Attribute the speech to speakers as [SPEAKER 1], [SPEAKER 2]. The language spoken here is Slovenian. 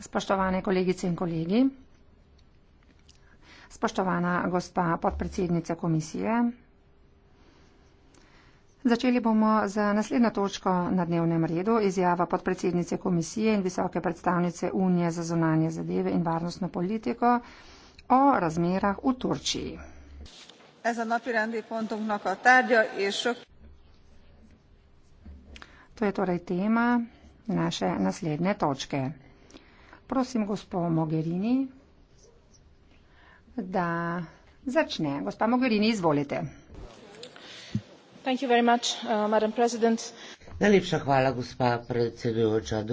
[SPEAKER 1] spoštovane kolegice in kolegi, spoštovana gospa podpredsednica komisije. Začeli bomo z naslednjo točko na dnevnem redu, izjava podpredsednice komisije in visoke predstavnice Unije za zunanje zadeve in varnostno politiko o razmerah v Turčiji. To je torej tema naše naslednje točke. Prosim gospo Mogherini, da začne. Gospa Mogherini, izvolite. Uh, Najlepša hvala, gospa
[SPEAKER 2] predsedujoča.